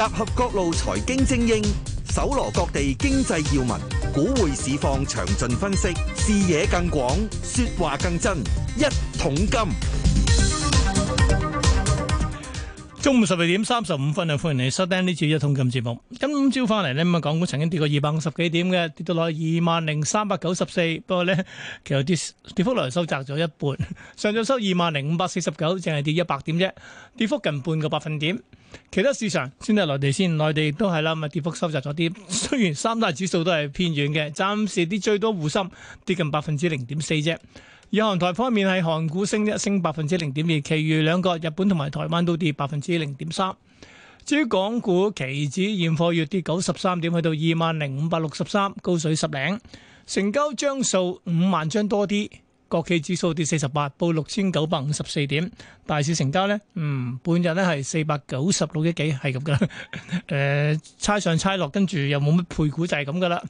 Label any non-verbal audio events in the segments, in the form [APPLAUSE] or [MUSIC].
集合各路財經精英，搜羅各地經濟要聞，股匯市況詳盡分析，視野更廣，說話更真。一桶金，中午十二點三十五分啊！歡迎你收聽呢次一桶金節目。今朝翻嚟呢咁啊，港股曾經跌過二百五十幾點嘅，跌到落二萬零三百九十四，不過呢其實跌跌幅嚟收窄咗一半，上晝收二萬零五百四十九，淨係跌一百點啫，跌幅近半個百分點。其他市場先睇內地先，內地都係啦，咪跌幅收窄咗啲。雖然三大指數都係偏軟嘅，暫時啲最多滬深跌近百分之零點四啫。以韓台方面係韓股升一升百分之零點二，其餘兩個日本同埋台灣都跌百分之零點三。至於港股期指現貨月跌九十三點，去到二萬零五百六十三，高水十零，成交張數五萬張多啲。國企指數跌四十八，報六千九百五十四點。大市成交咧，嗯，半日咧係四百九十六億幾，係咁噶。誒、 [LAUGHS] 呃，猜上猜落，跟住又冇乜配股，就係咁噶啦。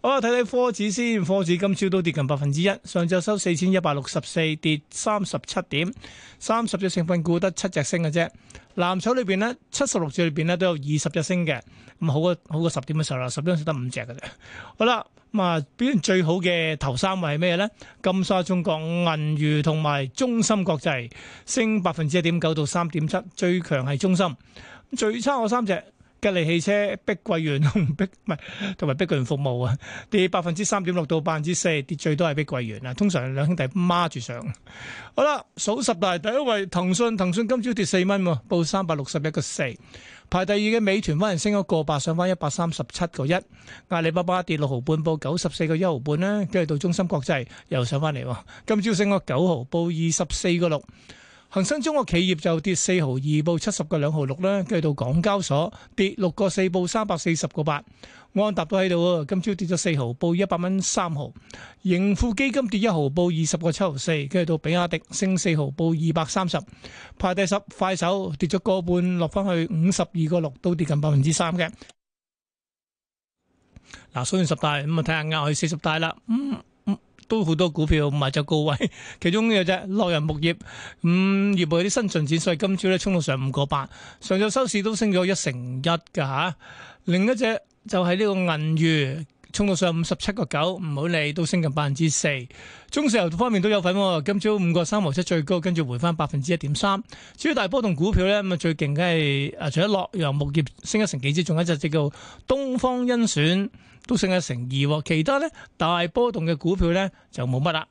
好啦，睇睇科指先，科指今朝都跌近百分之一，上晝收四千一百六十四，跌三十七點。三十隻成分股得七隻升嘅啫。藍籌裏邊呢，七十六隻裏邊呢都有二十隻升嘅，咁好過好過十點嘅時候啦，十點時得五隻嘅啫。好啦。咁啊，表現最好嘅頭三位係咩呢？金沙中國、銀娛同埋中芯國際，升百分之一點九到三點七，最強係中芯。最差我三隻，吉利汽車、碧桂園同碧，唔係同埋碧桂園服務啊，跌百分之三點六到百分之四，跌最多係碧桂園啊。通常兩兄弟孖住上。好啦，數十大第一位騰訊，騰訊今朝跌四蚊喎，報三百六十一個四。排第二嘅美團反而升咗個百，上返一百三十七個一。阿里巴巴跌六毫半，報九十四個一毫半啦。跟住到中芯國際又上返嚟喎。今朝升咗九毫，報二十四個六。恒生中國企業就跌四毫二，報七十個兩毫六啦。跟住到港交所跌六個四，報三百四十個八。安踏都喺度啊，今朝跌咗四毫，報一百蚊三毫。盈富基金跌一毫，報二十個七毫四。跟住到比亞迪升四毫，報二百三十。排第十快手跌咗個半，落翻去五十二個六，都跌近百分之三嘅。嗱，雖然十大咁啊，睇下壓去四十大啦。嗯。都好多股票賣咗高位，其中有隻洛陽鉬業咁、嗯，業務有啲新進展，所以今朝咧衝到上五個八，上晝收市都升咗一成一㗎。另一隻就喺呢個銀娛，衝到上五十七個九，唔好理都升近百分之四。中石油方面都有份，今朝五個三毫七最高，跟住回翻百分之一點三。至於大波動股票咧，咁啊最勁梗係啊，除咗洛陽鉬業升一成幾之外，仲有一隻叫東方甄選，都升一成二，其他咧大波動嘅股票咧就冇乜啦。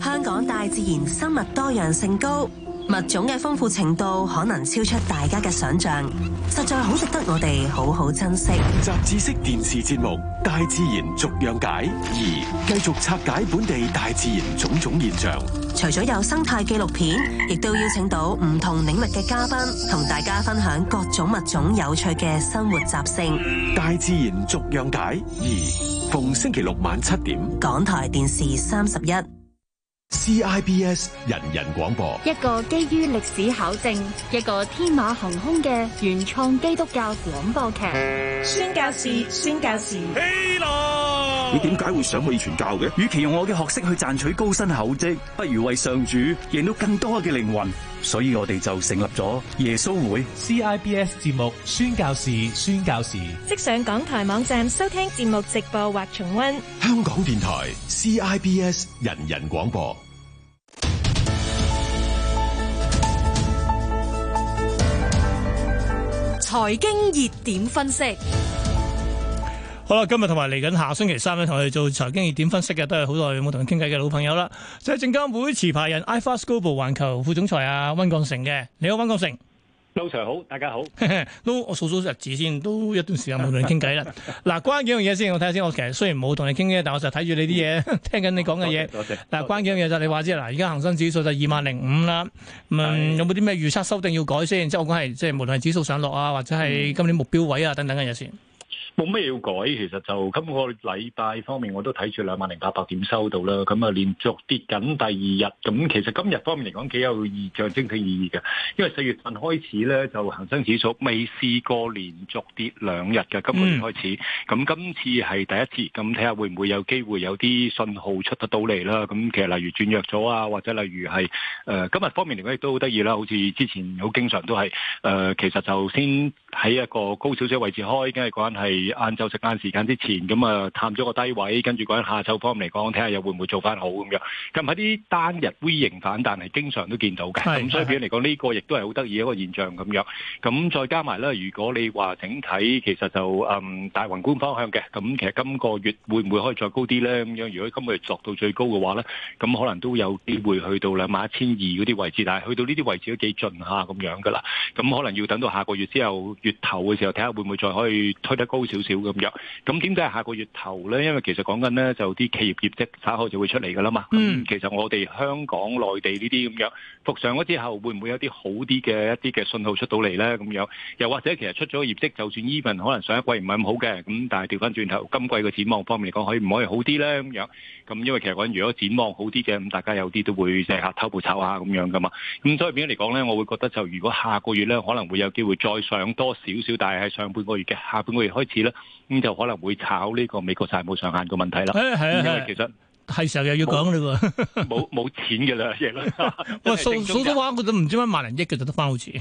香港大自然生物多樣性高，物種嘅豐富程度可能超出大家嘅想象，實在好值得我哋好好珍惜。雜誌式電視節目《大自然逐樣解》，而繼續拆解本地大自然種種現象。除咗有生態紀錄片，亦都邀請到唔同領域嘅嘉賓，同大家分享各種物種有趣嘅生活習性。大自然逐樣解二，逢星期六晚七點。港台電視三十一，CIBS 人人廣播，一個基於歷史考證、一個天馬行空嘅原創基督教廣播劇。宣教士，宣教士，起啦！你點解會想去傳教嘅？與其用我嘅學識去賺取高薪厚職，不如為上主贏到更多嘅靈魂。所以我哋就成立咗耶穌會、C。CIBS 節目宣教士，宣教士即上港台網站收聽節目直播或重溫。香港電台 CIBS 人人廣播。財經熱點分析。好啦，今日同埋嚟緊下星期三咧，同我做財經熱點分析嘅都係好耐冇同佢傾偈嘅老朋友啦，就係證監會持牌人 iFAST Global 環球副總裁啊溫鋼城嘅，你好溫鋼城。老徐好，大家好， [LAUGHS] 都我數數日子先，都一段時間冇同你傾偈 [LAUGHS] 啦。嗱，關幾樣嘢先，我睇下先，我其實雖然冇同你傾嘅，但我就睇住你啲嘢，嗯、聽緊你講嘅嘢。多謝。嗱，關幾樣嘢就你話知嗱，而家恒生指數就二萬零五啦，嗯，嗯有冇啲咩預測修訂要改先？即係我講係，即、就、係、是、無論係指數上落啊，或者係今年目標位啊等等嘅嘢先。冇咩要改，其實就今個禮拜方面我都睇住兩萬零八百點收到啦。咁啊，連續跌緊第二日，咁其實今日方面嚟講，幾有意義，象徵性意義嘅。因為四月份開始咧，就恆生指數未試過連續跌兩日嘅，今個月開始，咁今次係第一次。咁睇下會唔會有機會有啲信號出得到嚟啦？咁其實例如轉弱咗啊，或者例如係誒今日方面嚟講亦都好得意啦。好似之前好經常都係誒，其實就先喺一個高少少位置開，咁嘅關係。晏晝食晏時間之前，咁啊探咗個低位，跟住講下晝方面嚟講，睇下又會唔會做翻好咁樣。咁喺啲單日 V 型反彈係經常都見到嘅，咁所以嚟講呢個亦都係好得意一個現象咁樣。咁再加埋咧，如果你話整體其實就嗯大宏觀方向嘅，咁其實今個月會唔會可以再高啲咧？咁樣如果今個月作到最高嘅話咧，咁可能都有機會去到兩萬一千二嗰啲位置，但係去到呢啲位置都幾盡吓咁樣噶啦。咁可能要等到下個月之後月頭嘅時候，睇下會唔會再可以推得高少少少咁樣，咁點解下個月頭咧？因為其實講緊咧就啲企業業績稍後就會出嚟噶啦嘛。嗯，其實我哋香港內地呢啲咁樣復上咗之後，會唔會有啲好啲嘅一啲嘅信號出到嚟咧？咁樣又或者其實出咗業績，就算 even 可能上一季唔係咁好嘅，咁但係調翻轉頭今季個展望方面嚟講，可以唔可以好啲咧？咁樣咁因為其實講如果展望好啲嘅，咁大家有啲都會即係下偷步炒下咁樣噶嘛。咁所以變咗嚟講咧，我會覺得就如果下個月咧可能會有機會再上多少少，但係喺上半個月嘅下半個月開始。咁就可能會炒呢個美國債務上限個問題啦。因為其實係時候又要講嘞喎，冇冇錢嘅兩嘢啦。喂，數數得翻我都唔知乜萬零億嘅就得翻好似。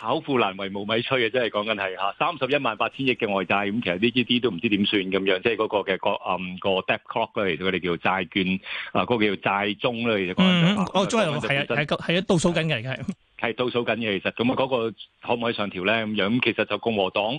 巧婦難為無米炊啊！真係講緊係吓三十一萬八千億嘅外債，咁其實呢啲啲都唔知點算咁樣。即係嗰個嘅個嗯個 debt clock 咧，佢哋叫債券啊，嗰個叫債鐘咧，其實講緊就話哦，即係係啊係啊，倒數緊嘅嚟嘅，係倒數緊嘅。其實咁啊，嗰個可唔可以上調咧？咁樣咁其實就共和黨。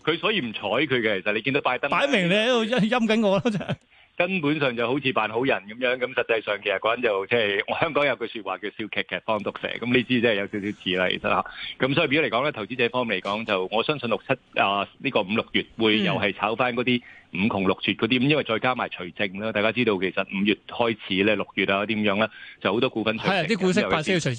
佢所以唔睬佢嘅，其實你見到拜登擺明，明你喺度陰陰緊我咯， [LAUGHS] 真係根本上就好似扮好人咁樣。咁實際上其實嗰人就即、是、係我香港有句說話叫笑騎騎放毒蛇，咁呢支真係有少少似啦，其實咁所以如果嚟講咧，投資者方面嚟講就我相信六七啊呢、呃這個五六月會又係炒翻嗰啲五窮六絕嗰啲，咁因為再加埋除淨啦。大家知道其實五月開始咧，六月啊點樣咧就好多股份係啲股息發有要除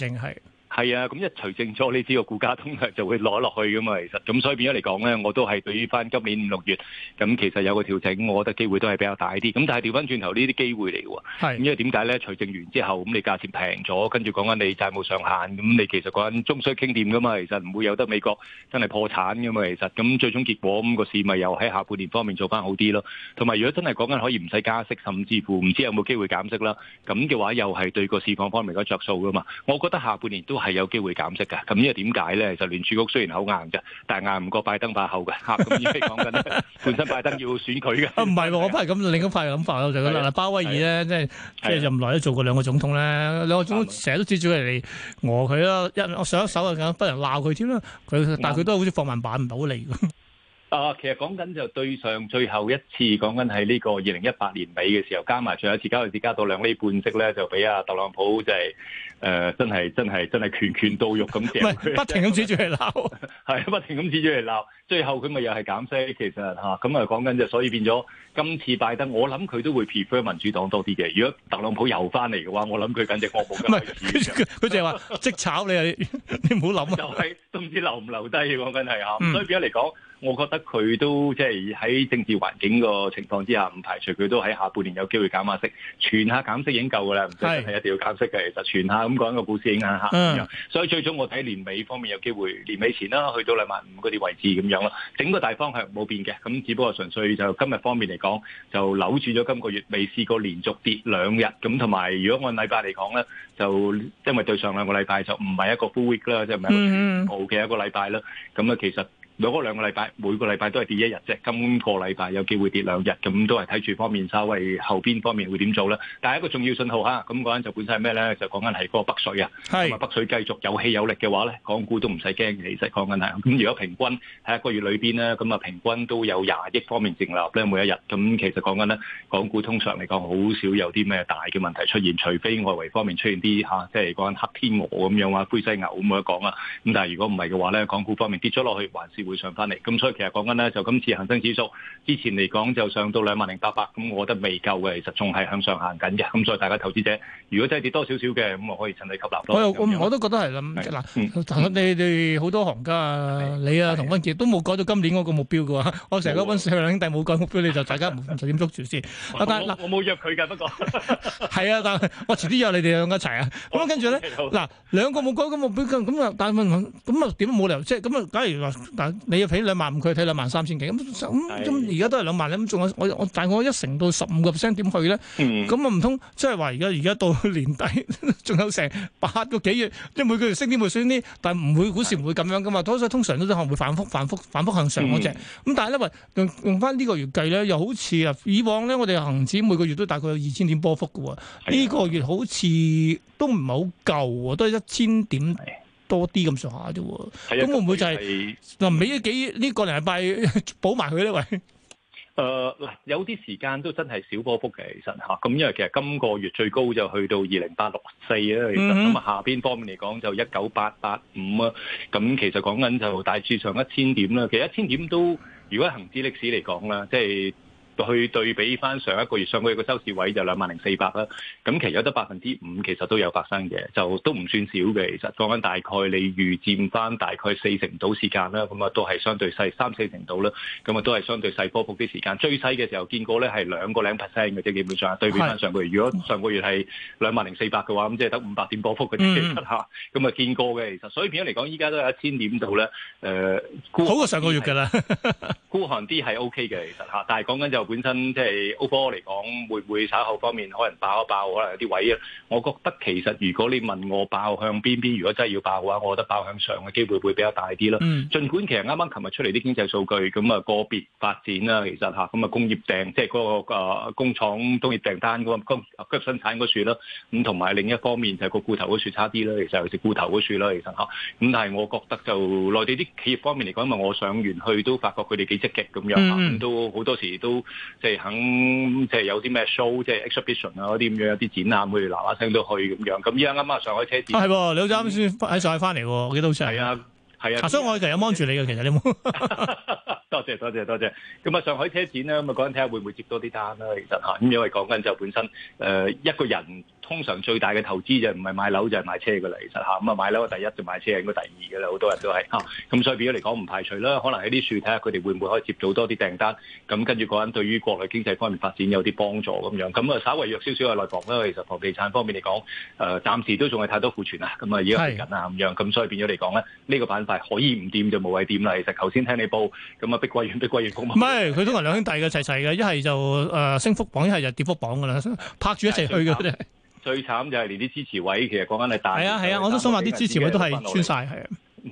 係啊，咁一除證咗呢啲個股價通常就會攞落去噶嘛。其實，咁所以變咗嚟講咧，我都係對於翻今年五六月咁，其實有個調整，我覺得機會都係比較大啲。咁但係調翻轉頭呢啲機會嚟喎，因為點解咧？除證完之後，咁你價錢平咗，跟住講緊你債務上限，咁你其實講緊終須傾掂噶嘛。其實唔會有得美國真係破產噶嘛。其實咁最終結果，咁個市咪又喺下半年方面做翻好啲咯。同埋如果真係講緊可以唔使加息，甚至乎唔知有冇機會減息啦，咁嘅話又係對個市況方面嗰着數噶嘛。我覺得下半年都，係有機會減息嘅，咁呢個點解咧？就聯儲局雖然好硬嘅，但是硬唔過拜登把口嘅吓，咁而家講緊本身拜登要選佢嘅。唔係、啊、我翻嚟咁另一塊發嘅諗法咯，就係得嗱，鮑威爾咧，即係即係任內都做過兩個總統咧，兩個總統成日都指住人哋餓佢咯，一我上一手啊，更加多人鬧佢添啦，佢但係佢都好似放慢版唔到嚟。嗯啊，其實講緊就對上最後一次講緊喺呢個二零一八年尾嘅時候，加埋最後一次交易市加到兩厘半息咧，就俾阿特朗普就係、是、誒、呃、真係真係真係拳拳到肉咁。唔係，不停咁指住嚟鬧，係 [LAUGHS] 不停咁指住嚟鬧。最後佢咪又係減息。其實嚇咁啊，講緊就講緊所以變咗今次拜登，我諗佢都會 prefer 民主黨多啲嘅。如果特朗普又翻嚟嘅話，我諗佢緊隻惡冇嘅市場。唔係、啊，佢就話即，即炒你，你唔好諗就係、是、都唔知留唔留低，講緊係所以變家嚟講我覺得佢都即係喺政治環境個情況之下，唔排除佢都喺下半年有機會減下息，全下減息已經夠噶啦，唔使係一定要減息嘅。其實全下咁講個股市影響下，所以最終我睇年尾方面有機會，年尾前啦，去到兩萬五嗰啲位置咁樣咯。整個大方向冇變嘅，咁只不過純粹就今日方面嚟講，就扭轉咗今個月未試過連續跌兩日咁，同埋如果按禮拜嚟講咧，就因為對上兩個禮拜就唔係一個 full week 啦，即係唔係好嘅一個禮拜啦，咁啊、嗯嗯、其實。有嗰兩個禮拜，每個禮拜都係跌一日啫。今個禮拜有機會跌兩日，咁都係睇住方面，稍微後邊方面會點做咧。但係一個重要信號嚇，咁講緊就本身係咩咧？就講緊係個北水啊，咁啊北水繼續有氣有力嘅話咧，港股都唔使驚嘅，其實講緊係。咁如果平均喺一個月裏邊咧，咁啊平均都有廿億方面淨流入咧，每一日。咁其實講緊咧，港股通常嚟講好少有啲咩大嘅問題出現，除非外圍方面出現啲嚇，即係講緊黑天鵝咁樣啊，灰犀牛咁樣講啊。咁但係如果唔係嘅話咧，港股方面跌咗落去，還是會，上翻嚟，咁所以其實講緊咧，就今次恆生指數之前嚟講就上到兩萬零八百，咁我覺得未夠嘅，其實仲係向上行緊嘅。咁所以大家投資者如果真係跌多少少嘅，咁我可以趁你吸納多。我又我我都覺得係啦。嗱，陳君，你哋好多行家啊，你啊，同溫傑都冇改到今年嗰個目標嘅喎。我成日都問溫兩兄弟冇改目標，你就大家就點捉住先？嗱，我冇約佢嘅，不過係啊，但係我遲啲約你哋兩家一齊啊。咁跟住咧，嗱兩個冇改，咁我俾咁咁啊，但係問咁啊點都冇留，即係咁啊，假如話但。你又睇兩萬五，佢睇兩萬三千幾咁咁咁，而、嗯、家、嗯嗯嗯、都係兩萬咧，咁、嗯、仲有我我，但我大概一成到十五個 percent 點去咧，咁啊唔通即係話而家而家到年底仲有成八個幾月，即係每個月升啲，會升啲，但係唔會股市唔會咁樣噶嘛，通常都可能會反覆反覆反覆向上嗰隻，咁、嗯嗯嗯、但係咧，喂、呃、用用翻呢個月計咧，又好似啊以往咧，我哋恆指每個月都大概有二千點波幅噶喎，呢、哎、呀個月好似都唔係好夠，都係一千點。多啲咁上下啫喎，咁會唔會就係嗱尾幾，的幾個禮 [LAUGHS] 呢個禮拜補埋佢咧？喂，誒嗱，有啲時間都真係小波幅嘅，其實嚇。咁因為其實今個月最高就去到二零八六四啊。其實咁啊、嗯、哼下邊方面嚟講就一九八八五啊，咁其實講緊就大致上一千點啦。其實一千點都如果恆指歷史嚟講啦，即係。去對比翻上，上一個月，上個月個收市位就兩萬零四百啦。咁其實有得百分之五，其實都有發生嘅，就都唔算少嘅。其實講緊大概你預佔翻大概四成到時間啦，咁啊都係相對細三四成到啦。咁啊都係相對細波幅啲時間，最細嘅時候見過咧係兩個零 percent 嘅啫。基本上對比翻上，上個月，如果上個月係兩萬零四百嘅話，咁即係得五百點波幅嘅嚇。咁啊見過嘅其實，所以變咗嚟講，依家都係一千點度咧。誒，好過上個月㗎啦，孤 [LAUGHS] 寒啲係 OK 嘅其實嚇，但係講緊就是。本身即係歐科嚟講，會唔會稍後方面可能爆一爆，可能有啲位啊？我覺得其實如果你問我爆向邊邊，如果真係要爆嘅話，我覺得爆向上嘅機會會比較大啲咯。儘管其實啱啱琴日出嚟啲經濟數據，咁啊個別發展啦，其實吓，咁啊工業訂，即係嗰個工廠工業訂單嗰個今今生產嗰樹啦，咁同埋另一方面就係、是、個固投嗰樹差啲啦，其實係固投嗰樹啦，其實吓。咁，但係我覺得就內地啲企業方面嚟講，因為我上完去都發覺佢哋幾積極咁樣都好多時都。即係肯，即、就、係、是、有啲咩 show，即係 exhibition 啊，嗰啲咁樣，有啲展覽，佢喇喇聲都去咁樣。咁依家啱啱上海車展，啊，係你好似啱先喺上海翻嚟，我記得好似係啊，係啊。所以我其實有幫住你嘅，其實你冇 [LAUGHS] 。多謝多謝多謝。咁啊，上海車展咧，咁啊，嗰陣睇下會唔會接多啲單啦，啊。其實吓，咁因為講緊就本身誒、呃，一個人。通常最大嘅投資就唔係買樓就係買車噶啦，其實嚇，咁啊買樓啊第一，就買車應該第二噶啦，好多人都係嚇，咁所以變咗嚟講唔排除啦。可能喺啲處睇下佢哋會唔會可以接組多啲訂單，咁跟住個人對於國內經濟方面發展有啲幫助咁樣，咁啊稍微弱少少嘅內房啦。其實房地產方面嚟講，誒暫時都仲係太多庫存啊，咁啊依家嚟緊啊咁樣，咁所以變咗嚟講咧，呢個板塊可以唔掂就無謂掂啦。其實頭先聽你報咁啊，碧桂園、碧桂園服務唔係佢都係兩兄弟嘅齊齊嘅，一係就誒升幅榜，一係就跌幅榜噶啦，拍住一齊去嘅。最慘就係連啲支持位，其實講緊係大。係啊係啊，是啊彈我都想話啲支持位都係穿晒 [LAUGHS] 啊，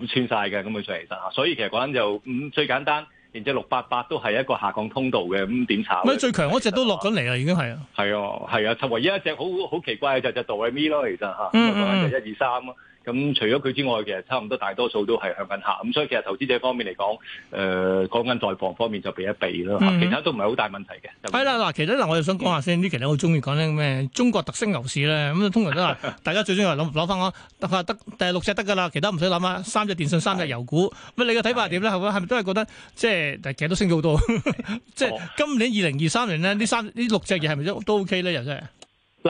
穿晒嘅咁樣上嚟，其實所以其實講緊就嗯最簡單，連隻六八八都係一個下降通道嘅，咁點炒？咪最強嗰、啊、隻都落緊嚟啦，已經係啊。係啊啊，就唯一一隻好好奇怪就就道偉咪咯，其實就 1, 嗯一、嗯、二三啊。咁除咗佢之外，其實差唔多大多數都係向緊客，咁所以其實投資者方面嚟講，誒講緊在防方面就避一避咯，嗯、哼其他都唔係好大問題嘅。係啦，嗱，其實嗱，我就想講下先，呢期咧好中意講啲咩中國特色牛市咧，咁通常都係大家最中意諗攞翻嗰得得第六隻得㗎啦，其他唔使諗啊，三隻電信、三隻油股，乜的你嘅睇法係點咧？係咪係咪都係覺得即係其實都升咗好多？ [LAUGHS] 即係、哦、今年二零二三年咧，呢三呢六隻嘢係咪都 OK 咧？又真係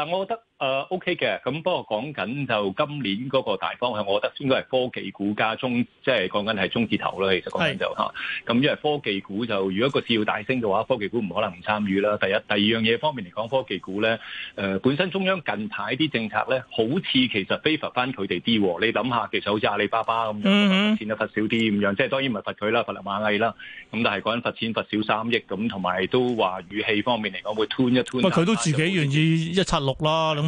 嗱，我覺得。誒、uh, OK 嘅，咁不過講緊就今年嗰個大方向，我覺得應該係科技股加中，即係講緊係中字頭啦。其實講緊就嚇，咁是因為科技股就如果個市要大升嘅話，科技股唔可能唔參與啦。第一、第二樣嘢方面嚟講，科技股咧誒、呃、本身中央近排啲政策咧，好似其實非 a 返翻佢哋啲。你諗下，其實好似阿里巴巴咁，罰錢就罰少啲咁樣，即係、嗯嗯、當然唔係罰佢啦，罰下螞蟻啦。咁但係講緊罰錢罰少三億咁，同埋都話語氣方面嚟講會 turn 一 t 佢都自己願意一七六啦。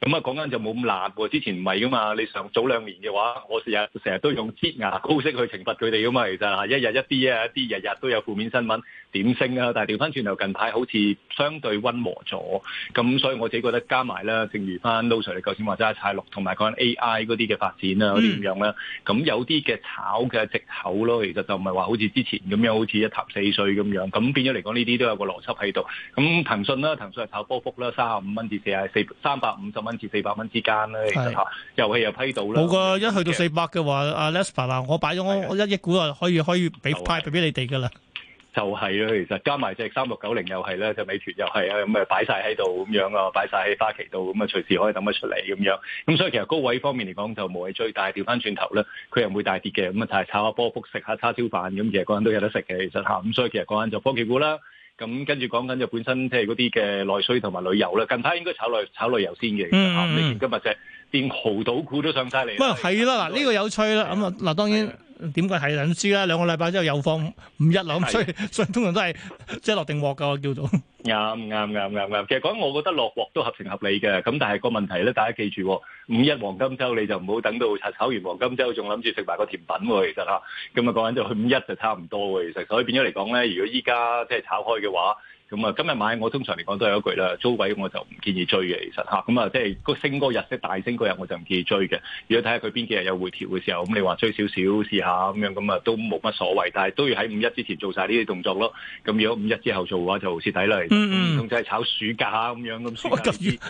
咁啊，講緊、嗯、就冇咁辣喎。之前唔係噶嘛，你上早兩年嘅話，我成日成日都用擠牙膏式去懲罰佢哋噶嘛，其實一日一啲啊，一啲日日都有負面新聞點升啊。但係調翻轉頭近排好似相對溫和咗。咁所以我自己覺得加埋啦。正如翻 Lo Sir 你頭先話齋，渣渣太六同埋講緊 AI 嗰啲嘅發展啊嗰啲咁樣啦。咁、嗯、有啲嘅炒嘅藉口咯，其實就唔係話好似之前咁樣，好似一塌四碎咁樣。咁變咗嚟講，呢啲都有個邏輯喺度。咁騰訊啦，騰訊係炒波幅啦，三十五蚊至四啊四三百五十蚊。至四百蚊之間咧，其實嚇，的遊戲又批到啦。冇㗎，一去到四百嘅話，阿 Lesper 的、啊、的我擺咗我一億股啊，可以可以俾派俾你哋㗎啦。就係咯，其實加埋隻三六九零又係咧，就美團又係啊，咁啊擺晒喺度咁樣啊，擺晒喺花旗度，咁啊隨時可以等得出嚟咁樣。咁所以其實高位方面嚟講就冇謂追，但係調翻轉頭咧，佢又唔會大跌嘅。咁啊，就係、是、炒下波幅，食下叉燒飯咁，其實個人都有得食嘅。其實嚇，咁所以其實講緊就科技股啦。咁跟住講緊就本身即係嗰啲嘅內需同埋旅遊啦，近排應該炒內炒旅遊先嘅，你見、嗯嗯、今日啫，連濠賭股都上晒嚟。喂，係啦，嗱呢個有趣啦，咁啊嗱，當然點解係隱士啦，兩的個禮拜之後又放五一流，咁所以，的所以通常都係即係落定鑊噶叫做。啱啱啱啱啱，其實講我覺得落鑊都合情合理嘅。咁但係個問題咧，大家記住、哦，五一黃金周你就唔好等到炒完黃金周，仲諗住食埋個甜品喎、哦。其實咁啊講緊就去五一就差唔多喎。其實，所以變咗嚟講咧，如果依家即係炒開嘅話。咁啊，今日買我通常嚟講都有一句啦，租位我就唔建議追嘅，其實吓，咁、嗯、啊，即係個升嗰日即大升嗰日，我就唔建議追嘅。如果睇下佢邊幾日有回調嘅時候，咁你話追少少試下咁樣，咁啊都冇乜所謂。但係都要喺五一之前做晒呢啲動作咯。咁如果五一之後做嘅話，就好似睇嗯，咁、嗯嗯、就係炒暑假咁樣咁暑、嗯、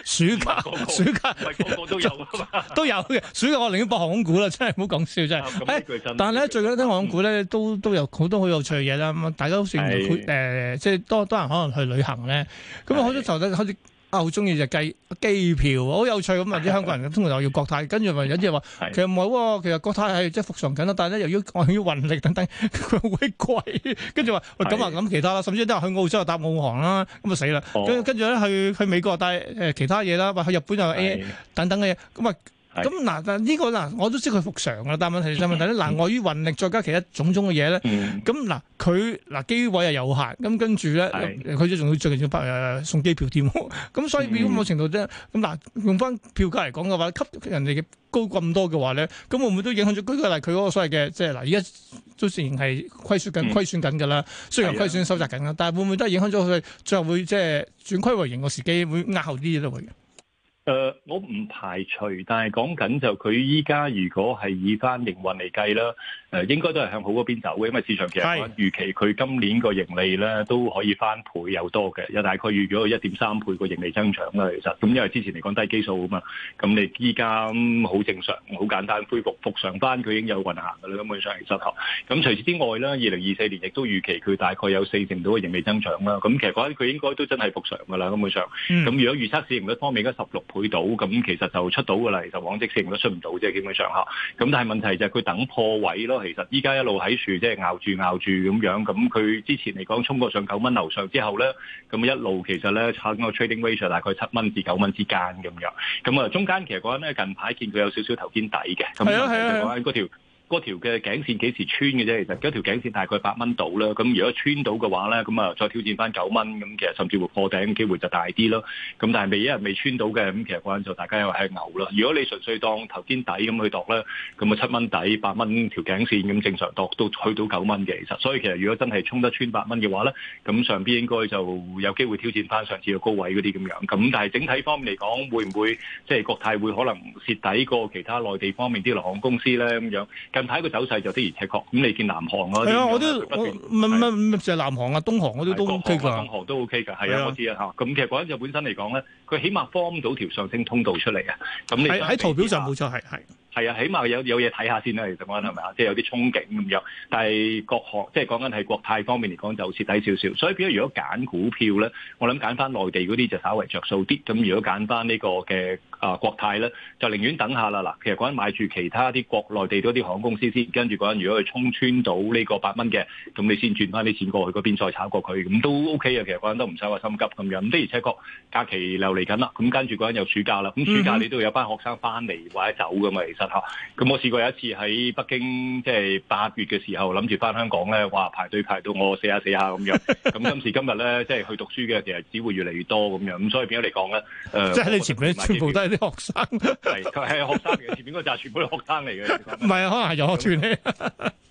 暑假。那個、暑假、那個個暑假咪個個都有啊嘛，都有嘅。暑假我寧願博航空股啦，嗯、真係唔好講笑真係。但係咧，最近啲航空股咧，都都有好多好有趣嘅嘢啦。咁大家算誒，即係多多人可能。去旅行咧，咁好多時候咧，好似是啊好中意就計機票，好有趣咁。或啲香港人咁的通常就要國泰，跟住咪有啲人話，的其實唔係，其實國泰係即係復常緊啦。但係咧又要愛要運力等等，佢會貴。跟住話，喂咁啊咁其他啦，甚至都話去澳洲又搭澳航啦，咁啊死啦。跟跟住咧去去美國帶誒其他嘢啦，或去日本又 A 的等等嘅嘢，咁、嗯、啊。咁嗱，但呢個嗱，我都知佢復常啦，但問題但係問題咧，嗱、嗯呃，礙於運力，再加其他種種嘅嘢咧。咁嗱、嗯，佢嗱機位又有限，咁跟住咧，佢都仲要最近要派送機票添。咁、嗯、 [LAUGHS] 所以，如果某程度啫，咁、嗯、嗱、嗯，用翻票價嚟講嘅話，吸人哋高咁多嘅話咧，咁會唔會都影響咗？舉個例，佢嗰個所謂嘅，即係嗱，而家都自然係虧損緊，虧損緊㗎啦。嗯、雖然虧損，的然虧損收窄緊啦，但係會唔會都係影響咗佢最後會即係轉虧為盈嘅時機會壓後啲都會嘅。誒、呃，我唔排除，但係講緊就佢依家如果係以翻營運嚟計啦，誒、呃、應該都係向好嗰邊走嘅，因為市場其實預期佢今年個盈利咧，都可以翻倍有多嘅，又大概預咗一點三倍個盈利增長啦。其實的，咁因為之前嚟講低基數啊嘛，咁你依家好正常、好簡單，恢復復常翻，佢已經有運行噶啦，根本上其實嚇。咁除此之外咧，二零二四年亦都預期佢大概有四成到嘅盈利增長啦。咁其實覺得佢應該都真係復常噶啦，根本上。咁、嗯、如果預測市盈率方面，而家十六倍。到咁，其實就出到噶啦。其實往即係都出唔到啫，基本上吓。咁但係問題就係佢等破位咯。其實依家一路喺樹，即係咬住咬住咁樣。咁佢之前嚟講衝過上九蚊樓上之後咧，咁一路其實咧差緊個 Trading Ratio 大概七蚊至九蚊之間咁樣。咁啊中間其實講咧，近排見佢有少少頭肩底嘅。咁啊係嗰條嘅頸線幾時穿嘅啫？其實嗰條頸線大概八蚊到啦，咁如果穿到嘅話咧，咁啊再挑戰翻九蚊，咁其實甚至會破頂機會就大啲咯。咁但係未一日未穿到嘅，咁其實嗰陣就大家又係牛啦。如果你純粹當頭肩底咁去度呢，咁啊七蚊底八蚊條頸線咁正常度都去到九蚊嘅，其實所以其實如果真係衝得穿八蚊嘅話咧，咁上邊應該就有機會挑戰翻上次嘅高位嗰啲咁樣。咁但係整體方面嚟講，會唔會即係、就是、國泰會可能蝕底過其他內地方面啲航空公司咧咁樣？近排個走勢就的而且確，咁你見南航啊，啲樣的不斷係，唔係唔係，就係南航啊、東航嗰啲都 OK 㗎。東航都 OK 㗎，係啊，啊我知道啊嚇。咁其實嗰陣就本身嚟講咧，佢起碼方到條上升通道出嚟啊。咁你喺喺圖表上冇看錯，係係係啊，起碼有有嘢睇下先啦。其實講緊係咪啊？即係、啊啊啊、有啲憧憬咁樣，但係國航即係講緊係國泰方面嚟講就蝕底少少。所以變咗如果揀股票咧，我諗揀翻內地嗰啲就稍為着數啲。咁如果揀翻呢個嘅。啊，國泰咧就寧願等下啦。嗱，其實嗰陣買住其他啲國內地多啲航空公司先，跟住嗰陣如果佢衝穿到呢個八蚊嘅，咁你先轉翻啲錢過去嗰邊再炒過佢，咁都 OK 嘅。其實嗰陣都唔使話心急咁樣。咁的而且確假期流嚟緊啦，咁跟住嗰陣又暑假啦，咁暑假你都會有班學生翻嚟或者走噶嘛。嗯、哼其實嚇，咁我試過有一次喺北京，即係八月嘅時候諗住翻香港咧，話排隊排隊到我死下死下咁樣。咁 [LAUGHS] 今時今日咧，即、就、係、是、去讀書嘅其實只會越嚟越多咁樣。咁所以變咗嚟講咧，呃、即係喺你前全部都。啲學生係係學生嘅，前面嗰扎全部都學生嚟嘅，唔係啊，可能係又學住你，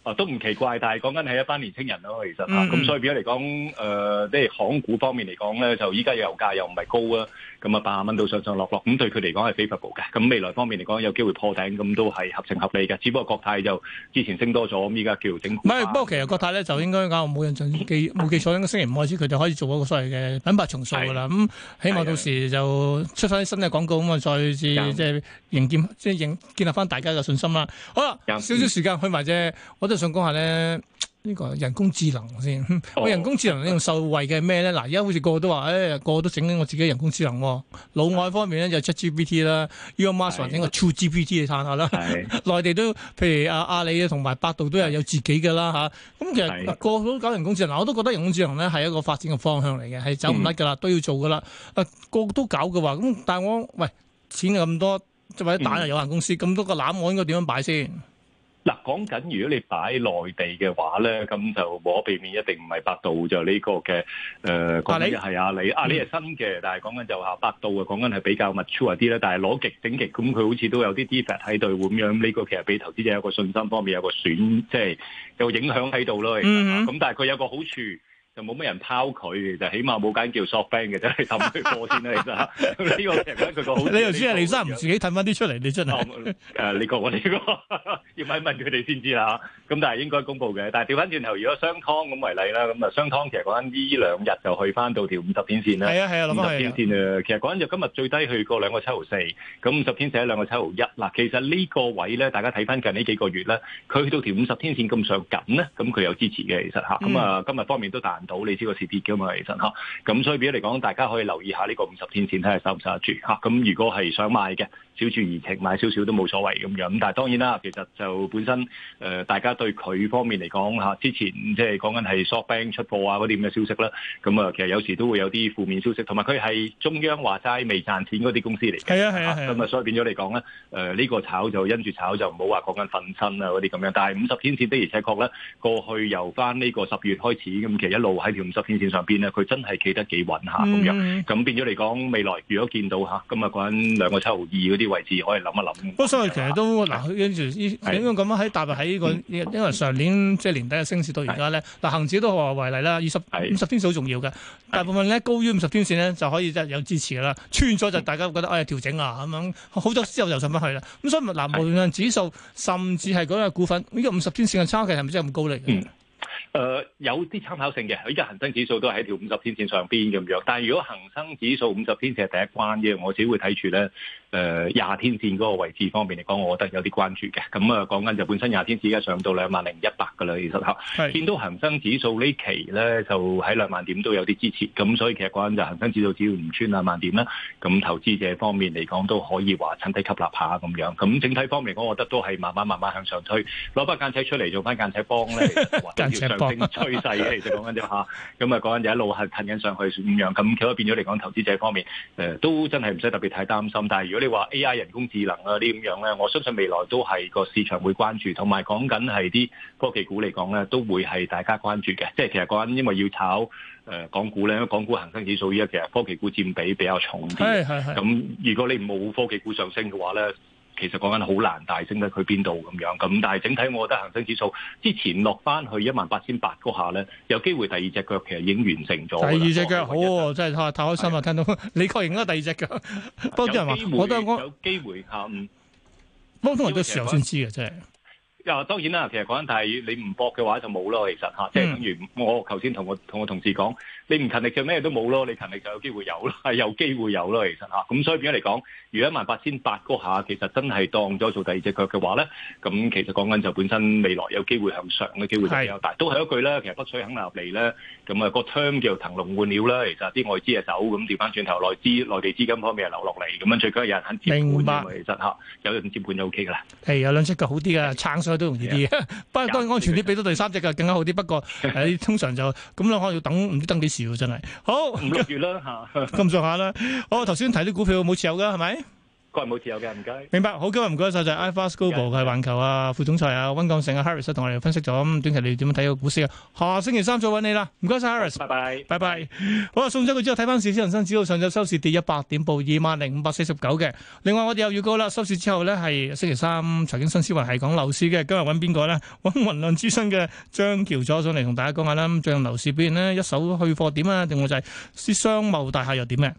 哦都唔奇怪。但係講緊係一班年青人咯，其實咁所以而家嚟講，誒即係航空股方面嚟講咧，就依家油價又唔係高啊，咁啊八十蚊到上上落落，咁對佢嚟講係 favorable 嘅。咁未來方面嚟講，有機會破頂，咁都係合情合理嘅。只不過國泰就之前升多咗，依家叫做整唔係。不過其實國泰咧就應該講，冇印象冇記錯，應該星期五開始佢就可以做一個所謂嘅品牌重塑㗎啦。咁希望到時就出翻啲新嘅廣告咁啊！再次、嗯、即係營建，即係建立翻大家嘅信心啦。好啦，嗯、少少時間去埋啫。我都想講下咧，呢、呢個人工智能先。我、哦、 [LAUGHS] 人工智能呢用受惠嘅咩咧？嗱，而家好似個個都話，誒、哎、個個都整緊我自己人工智能、啊。老外方面咧就 ChatGPT 啦，如果馬雲整個 True GPT 你嘆下啦。的 [LAUGHS] 內地都，譬如阿阿里啊，同埋百度都係有自己嘅啦嚇。咁其實個個都搞人工智能，我都覺得人工智能咧係一個發展嘅方向嚟嘅，係走唔甩噶啦，嗯、都要做噶啦。誒個個都搞嘅話，咁但係我喂。錢咁多，或者打入有，有限公司，咁、嗯、多個攬我應該點樣擺先？嗱，講緊如果你擺內地嘅話咧，咁就無可避免一定唔係百度就呢、呢個嘅誒，講緊係阿里，阿里係新嘅，但係講緊就話百度嘅，講緊係比較 mature 啲啦。但係攞極整極，咁佢好似都有啲 defect 喺度咁樣，呢個其實俾投資者有個信心方面，有個損，即、就、係、是、有影響喺度咯。咁、嗯、哼但係佢有個好處。就冇乜人拋佢嘅，就起碼冇間叫 s h o r t 嘅啫，氹佢貨先啦、啊。其實呢個 [LAUGHS] [LAUGHS] 其實佢個好，你頭先係你真唔自己氹翻啲出嚟，你真係誒我哋呢個、這個、要問問佢哋先知啦。咁但係應該公佈嘅。但係調翻轉頭，如果雙湯咁為例啦，咁啊雙湯其實講緊呢兩日就去翻到條五十天線啦。係啊係啊，諗翻去五十天線誒，啊啊、其實講緊就今日最低去過兩個七毫四，咁五十天線兩個七毫一嗱，其實呢個位咧，大家睇翻近呢幾個月咧，佢去到條五十天線咁上緊咧，咁佢有支持嘅其實吓，咁啊今日方面都彈。到你知個市跌嘅嘛，其實吓，咁所以變咗嚟講，大家可以留意下呢個五十天線，睇下收唔收得住吓。咁如果係想買嘅。 [MUSIC] 少住怡情，買少少都冇所謂咁樣，咁但係當然啦，其實就本身誒、呃、大家對佢方面嚟講、啊、之前即係講緊係 shorting 出貨啊嗰啲咁嘅消息啦，咁啊其實有時都會有啲負面消息，同埋佢係中央話齋未賺錢嗰啲公司嚟嘅，咁啊，啊，啊所以變咗嚟講咧，誒、啊、呢、呢個炒就因住炒就唔好話講緊瞓身啊嗰啲咁樣，但係五十天線的而且確咧，過去由翻呢個十月開始咁，其實一路喺條五十天線上邊咧，佢真係企得幾穩下咁樣，咁、啊嗯、變咗嚟講未來如果見到嚇今日講緊兩個七毫二嗰啲。位置可以諗一諗。不過所以其實都嗱，跟住依點樣咁樣喺大陸喺呢個，因為上年即係年底嘅升市到而家咧，嗱恆指都話為例啦，二十五十天線好重要嘅。大部分咧高於五十天線咧就可以即係有支持啦。穿咗就大家覺得哎調整啊咁樣，好多之後就上翻去啦。咁所以嗱，無論係指數甚至係嗰個股份，呢個五十天線嘅差距係咪真係咁高咧？嗯，誒有啲參考性嘅，佢依家恒生指數都係喺條五十天線上邊咁樣。但係如果恒生指數五十天線係第一關嘅，我自己會睇住咧。誒廿、呃、天線嗰個位置方面嚟講，我覺得有啲關注嘅。咁啊，講緊就本身廿天線而家上到兩萬零一百㗎啦，其實嚇。見到恒生指數期呢期咧，就喺兩萬點都有啲支持。咁所以其實講緊就恒生指數只要唔穿兩萬點啦，咁投資者方面嚟講都可以話趁低吸納下咁樣。咁整體方面嚟講，我覺得都係慢慢慢慢向上推。攞返間尺出嚟做翻間尺幫咧，間上升趨勢 [LAUGHS] 其實就講緊啫嚇。咁啊，講緊就一路係行緊上去咁樣。咁其實變咗嚟講，投資者方面誒、呃、都真係唔使特別太擔心。但係如果你話 A.I. 人工智能啊啲咁樣咧，我相信未來都係個市場會關注，同埋講緊係啲科技股嚟講咧，都會係大家關注嘅。即係其實講緊，因為要炒誒港股咧，港股恒生指數依家其實科技股佔比比較重啲。係係係。咁如果你冇科技股上升嘅話咧？其實講緊好難，大升得去邊度咁樣咁，但係整體我覺得恒生指數之前落翻去萬 8, 一萬八千八嗰下咧，有機會第二隻腳其實已經完成咗。第二隻腳好、哦，哦、真係太嘆開心啊！的聽到你確認咗第二隻腳，方通文，我覺得我有機會吓，方通都事後先知嘅，真係。又當然啦，其實講緊，但係你唔博嘅話就冇咯。其實吓，即係、嗯、等於我頭先同我同我同事講。你唔勤力就咩都冇咯，你勤力就有機會有咯，係有機會有咯，其實嚇。咁所以變咗嚟講，如果一萬八千八嗰下，其實真係當咗做第二隻腳嘅話咧，咁其實講緊就本身未來有機會向上嘅機會就比較大。都係一句咧，其實北水肯入嚟咧。咁啊個 term 叫騰籠換鳥啦，其實啲外資啊走咁掉翻轉頭，內資內地資金方面啊流落嚟，咁樣最緊要有人肯接盤嘅，其實嚇有人接盤就 OK 噶啦。係有兩隻腳好啲嘅，撐上去都容易啲嘅。不過當然安全啲，俾到第三隻腳更加好啲。不過誒通常就咁咧，可能要等唔知等幾？真係好五六月啦嚇，咁上下啦。好，頭先 [LAUGHS] 提啲股票冇持有㗎係咪？是冇持有嘅，唔計。明白，好嘅，唔該晒。就係 iFAST 嘅環球啊，副總裁啊，溫鋼城啊，Harris 同、啊、我哋分析咗，短期你點樣睇個股市啊？下星期三再揾你啦，唔該晒 Harris 拜拜，拜拜，拜拜。好啊，送咗佢之後，睇翻少少恒生指數，上晝收市跌一百點，報二萬零五百四十九嘅。另外，我哋又預告啦，收市之後呢，係星期三，財經新思維係講樓市嘅。今日揾邊個咧？揾雲亮諮詢嘅張喬佐上嚟同大家講下啦。最近樓市表現呢，一手去貨點啊？定或就係商貿大廈又點咧？